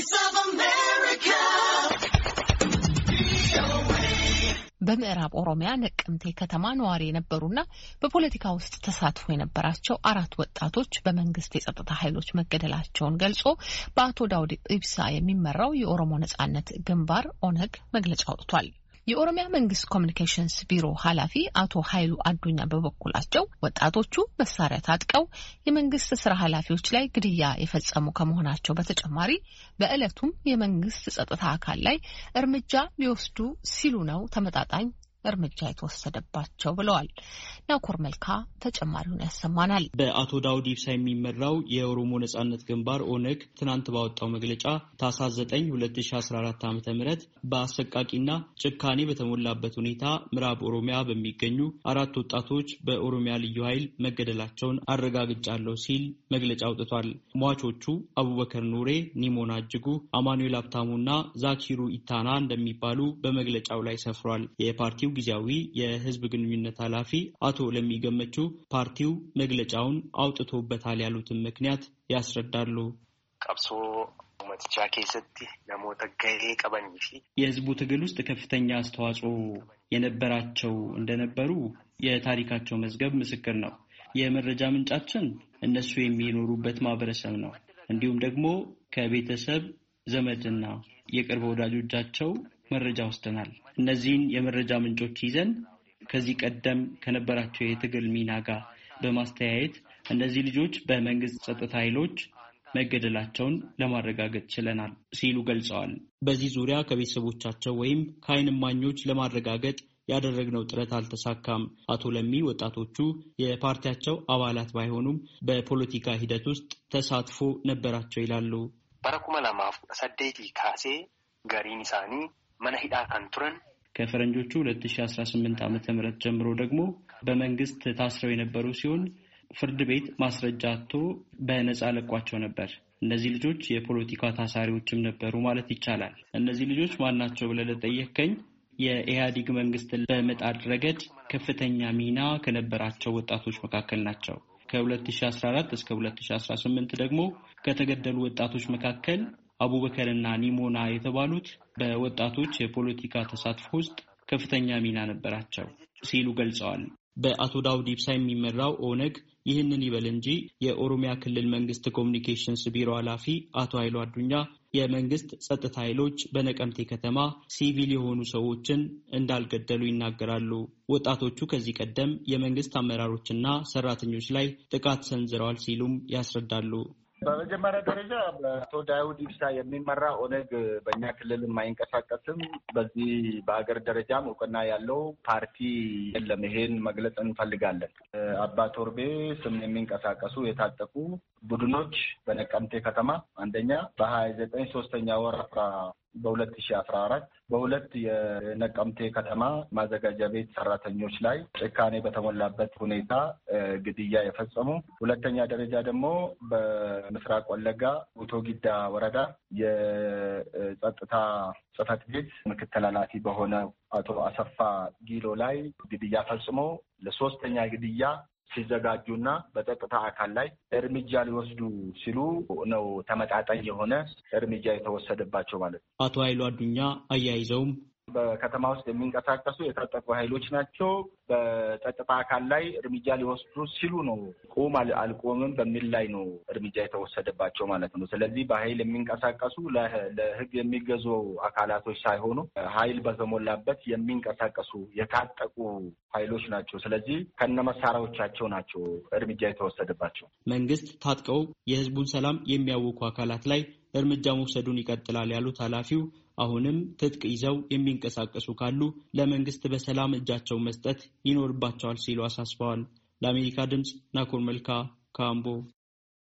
Voice of America. በምዕራብ ኦሮሚያ ነቀምቴ ከተማ ነዋሪ የነበሩና በፖለቲካ ውስጥ ተሳትፎ የነበራቸው አራት ወጣቶች በመንግስት የጸጥታ ኃይሎች መገደላቸውን ገልጾ በአቶ ዳውድ ኢብሳ የሚመራው የኦሮሞ ነጻነት ግንባር ኦነግ መግለጫ አውጥቷል። የኦሮሚያ መንግስት ኮሚኒኬሽንስ ቢሮ ኃላፊ አቶ ኃይሉ አዱኛ በበኩላቸው ወጣቶቹ መሳሪያ ታጥቀው የመንግስት ስራ ኃላፊዎች ላይ ግድያ የፈጸሙ ከመሆናቸው በተጨማሪ በዕለቱም የመንግስት ጸጥታ አካል ላይ እርምጃ ሊወስዱ ሲሉ ነው ተመጣጣኝ እርምጃ የተወሰደባቸው ብለዋል። ናኮር መልካ ተጨማሪውን ያሰማናል። በአቶ ዳውድ ኢብሳ የሚመራው የኦሮሞ ነጻነት ግንባር ኦነግ ትናንት ባወጣው መግለጫ ታህሳስ 9 2014 ዓ ም በአሰቃቂና ጭካኔ በተሞላበት ሁኔታ ምዕራብ ኦሮሚያ በሚገኙ አራት ወጣቶች በኦሮሚያ ልዩ ኃይል መገደላቸውን አረጋግጫለሁ ሲል መግለጫ አውጥቷል። ሟቾቹ አቡበከር ኑሬ፣ ኒሞና እጅጉ፣ አማኑኤል ሀብታሙና ዛኪሩ ኢታና እንደሚባሉ በመግለጫው ላይ ሰፍሯል። የፓርቲው የፓርቲው ጊዜያዊ የህዝብ ግንኙነት ኃላፊ አቶ ለሚገመቹ ፓርቲው መግለጫውን አውጥቶበታል ያሉትን ምክንያት ያስረዳሉ። ቀብሶ መትቻ ኬሰቲ ለሞተ ገሌ ቀበኒ የህዝቡ ትግል ውስጥ ከፍተኛ አስተዋጽኦ የነበራቸው እንደነበሩ የታሪካቸው መዝገብ ምስክር ነው። የመረጃ ምንጫችን እነሱ የሚኖሩበት ማህበረሰብ ነው። እንዲሁም ደግሞ ከቤተሰብ ዘመድና የቅርብ ወዳጆቻቸው መረጃ ወስደናል። እነዚህን የመረጃ ምንጮች ይዘን ከዚህ ቀደም ከነበራቸው የትግል ሚና ጋር በማስተያየት እነዚህ ልጆች በመንግስት ጸጥታ ኃይሎች መገደላቸውን ለማረጋገጥ ችለናል ሲሉ ገልጸዋል። በዚህ ዙሪያ ከቤተሰቦቻቸው ወይም ከአይን እማኞች ለማረጋገጥ ያደረግነው ጥረት አልተሳካም። አቶ ለሚ ወጣቶቹ የፓርቲያቸው አባላት ባይሆኑም በፖለቲካ ሂደት ውስጥ ተሳትፎ ነበራቸው ይላሉ። በረኩመ ለማፍ ሰደይቲ ካሴ ገሪን መነሂዳ ከንቱረን ከፈረንጆቹ 2018 ዓ.ም ጀምሮ ደግሞ በመንግስት ታስረው የነበሩ ሲሆን ፍርድ ቤት ማስረጃ አቶ በነጻ ለቋቸው ነበር። እነዚህ ልጆች የፖለቲካ ታሳሪዎችም ነበሩ ማለት ይቻላል። እነዚህ ልጆች ማናቸው ብለህ ለጠየከኝ የኢህአዲግ መንግስትን በመጣድ ረገድ ከፍተኛ ሚና ከነበራቸው ወጣቶች መካከል ናቸው። ከ2014 እስከ 2018 ደግሞ ከተገደሉ ወጣቶች መካከል አቡበከርና ኒሞና የተባሉት በወጣቶች የፖለቲካ ተሳትፎ ውስጥ ከፍተኛ ሚና ነበራቸው ሲሉ ገልጸዋል። በአቶ ዳውድ ኢብሳ የሚመራው ኦነግ ይህንን ይበል እንጂ የኦሮሚያ ክልል መንግስት ኮሚኒኬሽንስ ቢሮ ኃላፊ አቶ ኃይሉ አዱኛ የመንግስት ጸጥታ ኃይሎች በነቀምቴ ከተማ ሲቪል የሆኑ ሰዎችን እንዳልገደሉ ይናገራሉ። ወጣቶቹ ከዚህ ቀደም የመንግስት አመራሮችና ሰራተኞች ላይ ጥቃት ሰንዝረዋል ሲሉም ያስረዳሉ። በመጀመሪያ ደረጃ በአቶ ዳውድ ኢብሳ የሚመራ ኦነግ በእኛ ክልል የማይንቀሳቀስም በዚህ በሀገር ደረጃም እውቅና ያለው ፓርቲ የለም። ይሄን መግለጽ እንፈልጋለን። አባ ቶርቤ ስም የሚንቀሳቀሱ የታጠቁ ቡድኖች በነቀምቴ ከተማ አንደኛ በሀያ ዘጠኝ ሶስተኛ ወር አስራ በሁለት ሺ አስራ አራት በሁለት የነቀምቴ ከተማ ማዘጋጃ ቤት ሰራተኞች ላይ ጭካኔ በተሞላበት ሁኔታ ግድያ የፈጸሙ ሁለተኛ ደረጃ ደግሞ በምስራቅ ወለጋ ቶጊዳ ጊዳ ወረዳ የጸጥታ ጽህፈት ቤት ምክትል ኃላፊ በሆነ አቶ አሰፋ ጊሎ ላይ ግድያ ፈጽሞ ለሶስተኛ ግድያ ሲዘጋጁና በጸጥታ አካል ላይ እርምጃ ሊወስዱ ሲሉ ነው ተመጣጣኝ የሆነ እርምጃ የተወሰደባቸው ማለት ነው። አቶ ኃይሉ አዱኛ አያይዘውም በከተማ ውስጥ የሚንቀሳቀሱ የታጠቁ ኃይሎች ናቸው፣ በጸጥታ አካል ላይ እርምጃ ሊወስዱ ሲሉ ነው ቁም አልቆምም በሚል ላይ ነው እርምጃ የተወሰደባቸው ማለት ነው። ስለዚህ በኃይል የሚንቀሳቀሱ ለሕግ የሚገዙ አካላቶች ሳይሆኑ ኃይል በተሞላበት የሚንቀሳቀሱ የታጠቁ ኃይሎች ናቸው። ስለዚህ ከነ መሳሪያዎቻቸው ናቸው እርምጃ የተወሰደባቸው። መንግስት ታጥቀው የህዝቡን ሰላም የሚያውኩ አካላት ላይ እርምጃ መውሰዱን ይቀጥላል ያሉት ኃላፊው አሁንም ትጥቅ ይዘው የሚንቀሳቀሱ ካሉ ለመንግስት በሰላም እጃቸው መስጠት ይኖርባቸዋል ሲሉ አሳስበዋል። ለአሜሪካ ድምፅ ናኮር መልካ ካምቦ